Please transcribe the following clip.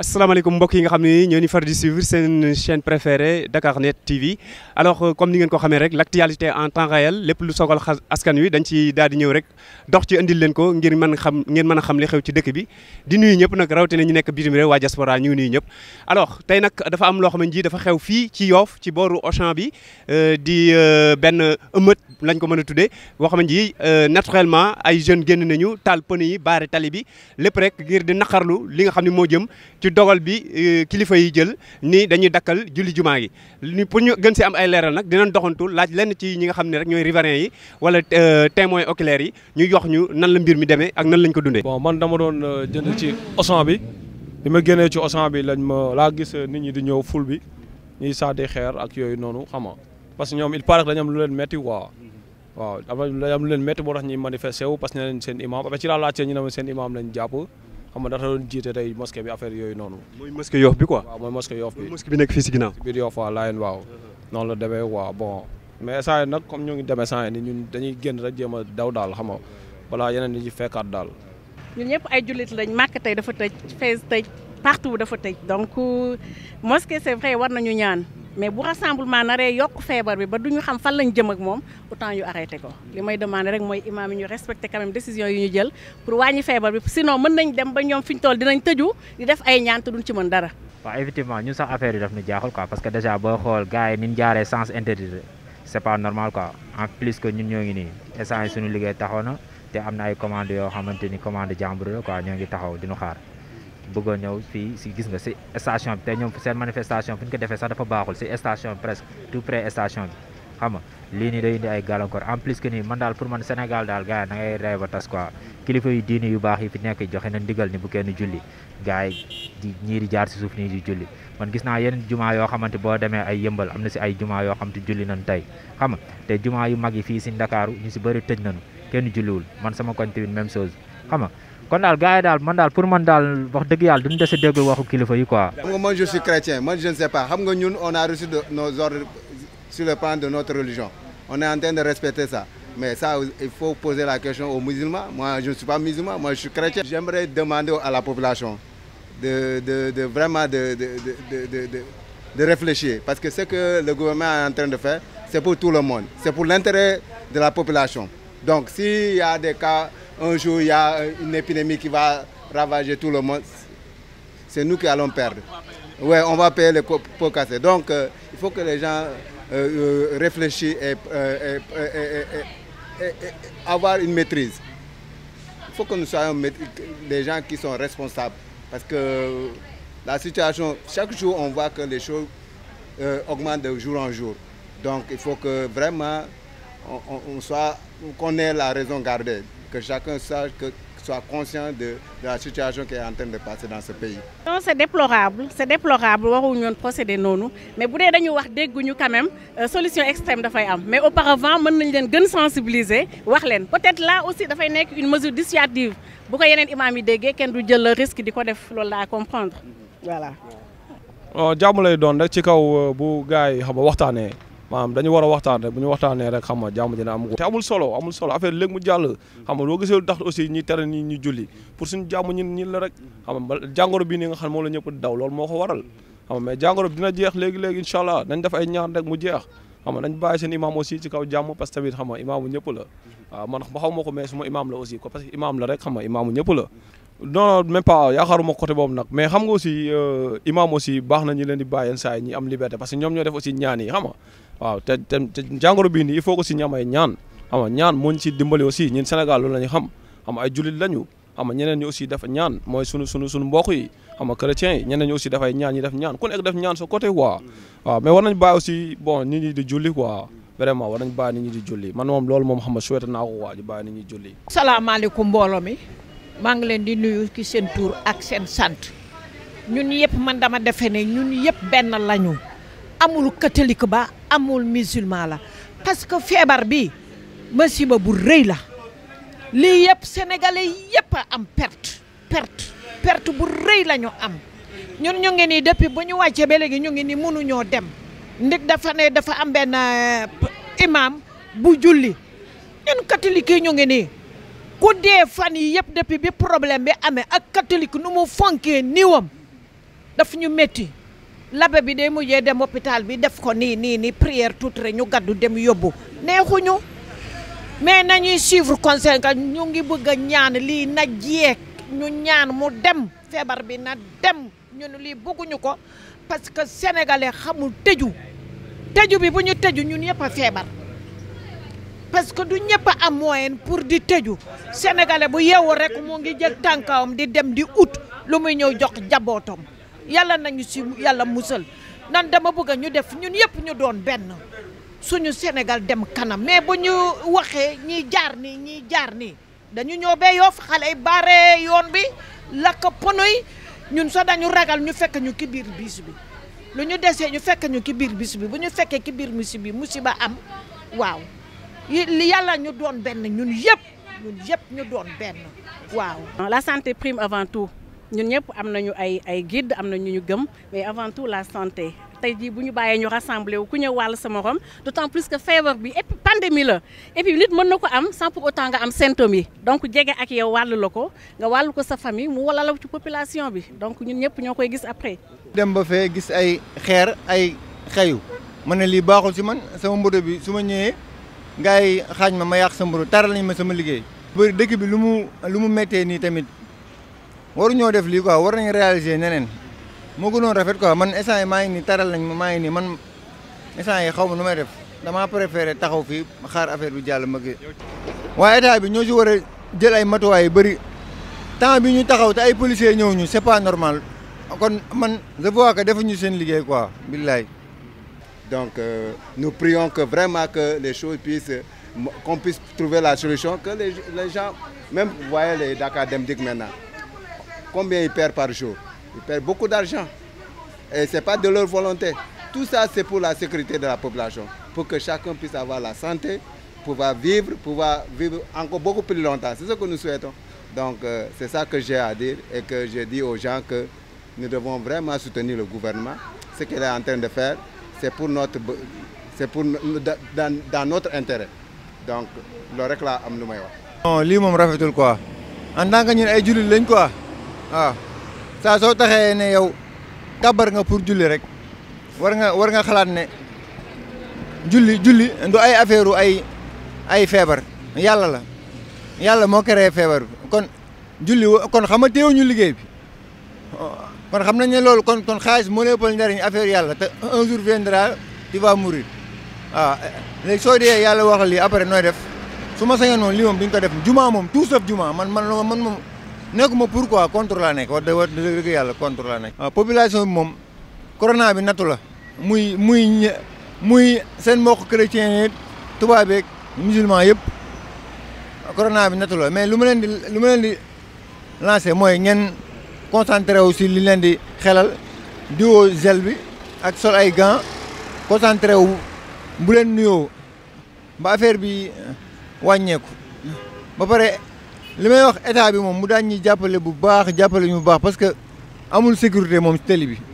asalaamaaleykum mbokk yi nga xam ne ñoo ñu far di suivre seen chaîne Dakar Net TV alors euh, comme ni ngeen ko xamee rek l' actualité en temps réel lépp lu sogal askan wi dañ ci daal di ñëw rek dox ci indi leen ko ngir mën xam ngeen mën a xam li xew ci dëkk bi di nuyu ñëpp nag rawatina ñu nekk bitim réew waa diaspora alors tey nag dafa am loo xam ne dafa xew fii ci yoof ci booru Auchan bi euh, di euh, benn ëmmët lañ ko mën a tuddee boo xam ne ji naturellement ay jeunes génn nañu taal pëne yi baare tali bi lépp rek ngir di naqarlu li nga xam ne moo jëm ci dogal bi euh, kilifa yi jël nii dañuy dakkal julli jumaa yi ni pour ñu gën si am ay leeral nag dinañ doxantu laaj lenn ci ñi nga xam ne rek ñooy riverin yi wala euh, témoins oculaires yi ñu jox ñu nan la mbir mi demee ak nan lañ ko dundee. bon man dama doon euh, jënd ci Auchan bi bi ma génnee ci Auchan bi lañ ma laa gis nit ñi di ñëw ful bi ñuy saade xeer ak yooyu noonu xam nga parce que ñoom il paraît que dañu am lu leen métti waaw waaw lu leen métti moo tax ñuy manifesté wu ñu ne ma seen imam lañ jàpp xam nga dafa jiite tey mosquée bi affaire yooyu noonu. mooy mosquée Yoff bi quoi. waaw mooy mosquée Yoff bi mosquée bi nekk fii si ginnaaw. biir Yoff waaw Laayeen waaw. Uh-huh. noonu la demee waaw bon. mais saa nag comme ñu ngi demee saa ni ñun dañuy génn a daw daal xam nga balaa yeneen yi ci fekkaat daal. ñun ñëpp ay jullit lañ màkk tey dafa tëj fees tëj partout dafa tëj donc mosquée c'est vrai war nañu ñaan. mais bu rassemblement naree yokk feebar bi ba du ñu xam fan lañ jëm ak moom autant yu arrêté ko li may demandé rek mooy imaam yi ñu respecté quand décision yu ñu jël pour wàññi feebar bi sinon mën nañ dem ba ñoom fi ñu toll dinañ tëju di def ay ñaan te duñ ci mën dara. waaw effectivement ñun sax affaire yi daf ñu jaaxal quoi parce que déjà boo xool gars yi ni ñu jaaree sens interdit c'est pas normal quoi en plus que ñun ñoo ngi nii instant suñu liggéey taxaw na te am na ay commande yoo xamante ni commande jàmbur la ñoo ngi taxaw di ñu bëgg a ñëw fii si gis nga si station bi te ñoom seen manifestation fi ñu ko defee sax dafa baaxul si station bi presque tout près station bi xam lii nii day indi ay gàllankoor en plus que nii man daal pour man Sénégal daal gars yi da ngay rey kilifa yu diini yu baax yi fi nekk joxe na ndigal ni bu kenn julli gars yi ñii di jaar si suuf nii di julli man gis naa yeneen jumaa yoo xamante boo demee ay yëmbal am na si ay jumaa yoo xamante xam nga te jumaa yu mag fii si Ndakaaru ñu si bëri tëj nañu kenn julliwul man sama koñ tamit même kon daal gars yi daal man daal pour man daal wax dëgg yàlla duñu dese dégg waxu kilifa yi quoi. xam suis chrétien man je ne sais pas xam nga on a reçu de nos ordres sur le plan de notre religion on est en train de respecter ça mais il faut poser la question aux musulmans je ne suis pas musulman moi je suis chrétien. j'aimerais demander à la population de de de vraiment de réfléchir parce que ce que le gouvernement est en train de faire c'est pour tout le monde c'est pour l'intérêt de la population un jour il y a une épidémie qui va ravager tout le monde, c'est nous qui allons perdre. Oui, on va payer les pots cassés. Donc, euh, il faut que les gens euh, euh réfléchissent et, euh, et, et, et, avoir une maîtrise. Il faut que nous soyons des gens qui sont responsables. Parce que euh, la situation, chaque jour, on voit que les choses euh, augmentent de jour en jour. Donc, il faut que vraiment, on, on soit, qu'on ait la raison gardée. que chacun sache, que soit conscient de, de la situation qui est en train de passer dans ce pays. non c' déplorable c' est déplorable noonu mais bu dee dañu wax dégguñu quand même euh, solution extrême dafay am mais auparavant mën nañu leen gën sensibilisé wax leen peut-être là aussi dafay nekk une mesure dissuasive bu ko yeneen imaam yi déggee kenn du jël le risque di ko def loolu laa comprendre voilà. Oh, jàmm lay doon rek ci kaw euh, bu gars yi xam nga waxtaanee. maam dañu war a waxtaan rek bu ñu waxtaanee rek xam nga jàmm dina am te amul solo amul solo affaire léegi mu jàll xam nga loo gisee lu tax aussi ñi tere ñi ñu julli pour suñu jàmm ñin ñin la rek xam nga bii nii nga xam moom la ñëpp daw loolu moo ko waral xam nga mais jàngoro bi dina jeex léegi-léegi incha allah nañ def ay ñaan rek mu jeex xam nga nañ bàyyi seen imaam aussi ci kaw jàmm parce que tamit xam nga ñëpp la waaw man xaw ma ko mais suma imaam la aussi ko ñëpp la non même pas yaakaaruma côté boobu nag mais xam nga aussi euh, imam aussi baax na leen di bàyyi yenn saa ñi am liberté parce que ñoom ñoo def aussi ñaan yi xam nga waaw te te jàngoro bii nii il faut aussi ñamay ñaan xam nga ñaan moo ñu si dimbali aussi ñun Sénégal loolu la ñu xam xam nga ay jullit lañu xam nga ñeneen ñi aussi dafa ñaan mooy sunu sunu sunu mbokk yi xam nga chrétiens yi ñeneen ñi aussi dafay ñaan ñi def ñaan ku nekk def ñaan sa côté quoi waaw mais war nañ bàyyi aussi bon ñi di julli quoi vraiment war nañ bàyyi nit ñi di julli man moom loolu moom xam nga souhaité naa ko waa di bàyyi nit julli salaamaaleykum mbooloo mi maa ngi leen di nuyu ci seen tur ak seen sant ñun yëpp man dama defe ne ñun yëpp benn lañu amul catholique ba amul musulman la parce que feebar bi masiba bu rëy la lii yëpp sénégalais yëpp a am perte perte perte bu rëy la ñu am ñun ñu ngi nii depuis bu ñu wàccee ba léegi ñu ngi nii mënuñoo dem ndig dafa ne dafa am benn euh, imam bu julli ñun catholique yi ñu ngi nii ku dee fan yii yëpp depuis bi problème bi amee ak catholique nu mu fonkee niiwam daf ñu métti labe bi day mujjee dem hôpital bi def ko nii nii nii prière toute rek ñu gaddu dem yóbbu neexuñu mais nañuy suivre conseil ka ñu ngi bëgg a ñaan lii na jeeg ñu ñaan mu dem feebar bi na dem ñun lii bëgguñu ko parce que sénégalais xamul tëju tëju bi bu ñu tëju ñun yëpp a feebar parce que du ñëpp am moyen pour di tëju sénégalais bu yeewu rek mu ngi jël tànkawam di dem di ut lu muy ñëw jox jabootam yàlla nañu si yàlla musal nan dama bëgg ñu def ñun yëpp ñu doon benn suñu Sénégal dem kanam mais bu ñu waxee ñiy jaar nii ñiy jaar nii dañu ñëw bee yoof xale yi bare yoon bi lakk pono yi ñun sax dañu ragal ñu fekk ñu ki biir bis bi lu ñu desee ñu fekk ñu ki biir bis bi bu ñu fekkee ki biir musiba bi musiba am waaw yàlla ñu doon benn ñun yëpp ñun yëpp ñu doon benn waaw. la santé prime avant tout ñun ñëpp am nañu ay ay guide am nañu ñu ñu gëm mais avant tout la santé. tey jii bu ñu bàyyee ñu rassemblé wu ku ñëw wàll sa morom d'autant plus que feebar bi et puis pandémie la et nit mën na ko am sans pour autant nga am symptômes yi donc jege ak yow wàll la ko nga wàll ko sa famille mu wala la ci population bi donc ñun ñëpp ñoo koy gis après. dem ba fee gis ay xeer ay xayu ma ne li baaxul si man sama bi su ma ñëwee. gars xaaj ma ma yàq sa mburu taral nañ ma sama liggéey bëri dëkk bi lu mu lu mu méttee nii tamit waru ñoo def lii quoi war nañ réaliser neneen moo gënoon rafet quoi man instant yi maa ngi nii taral nañ ma maa ngi nii man instant yi xaw ma nu may def damaa préféré taxaw fii xaar affaire bi jàll ma gi waaye état bi ñoo si war a jël ay matuwaay yu bëri temps bi ñu taxaw te ay policiers ñëw ñu c'est pas normal kon man je vois que ñu seen liggéey quoi billaay Donc euh, nous prions vraiment que les choses puissent, qu'on puisse trouver la solution, que les, gens, même vous voyez les Dakar maintenant, combien ils perdent par jour Ils perdent beaucoup d'argent. Et ce n'est pas de leur volonté. Tout ça, c'est pour la sécurité de la population, pour que chacun puisse avoir la santé, pouvoir vivre, pouvoir vivre encore beaucoup plus longtemps. C'est ce que nous souhaitons. Donc, euh, c'est ça que j'ai à dire et que je dis aux gens que nous de faire, c'est pour notre c'est pour dans dans notre intérêt donc loolu rek laa am lu may wax. non lii moom rafetul quoi en tant que ñun ay jullit lañ ko waaw saa soo taxee ne yow dabar nga pour julli rek war nga war nga xalaat ne julli julli du ay affaire ay ay feebar yàlla la yàlla moo créé feebar bi kon julli kon xam nga teewuñu liggéey bi. kon xam nañ ne loolu kon kon xaalis moo lay ëppal njariñ affaire yàlla te un jour viendra tu vas mourir waaw ah, soo dee yàlla waxal lii après nooy def su ma sañoon moom lii moom duñ ko def juma moom tout sauf juma man man man moom nekkuma pourquoi contre laa nekk wax dëgg yàlla contre laa nekk. waaw ah, population bi moom corona bi nattu la muy muy muy seen mbokk chrétien yi tubaab yeeg musulman yëpp corona bi nattu la mais lu ma leen di lu ma leen di lancé mooy ngeen. concentré wu si li leen di xelal diwoo gel bi ak sol ay gants concentré wu bu leen nuyoo ba affaire bi wàññeeku ba pare li may wax état bi moom mu daan ñuy jàppale bu baax jàppale ñu bu baax parce que amul sécurité moom si bi.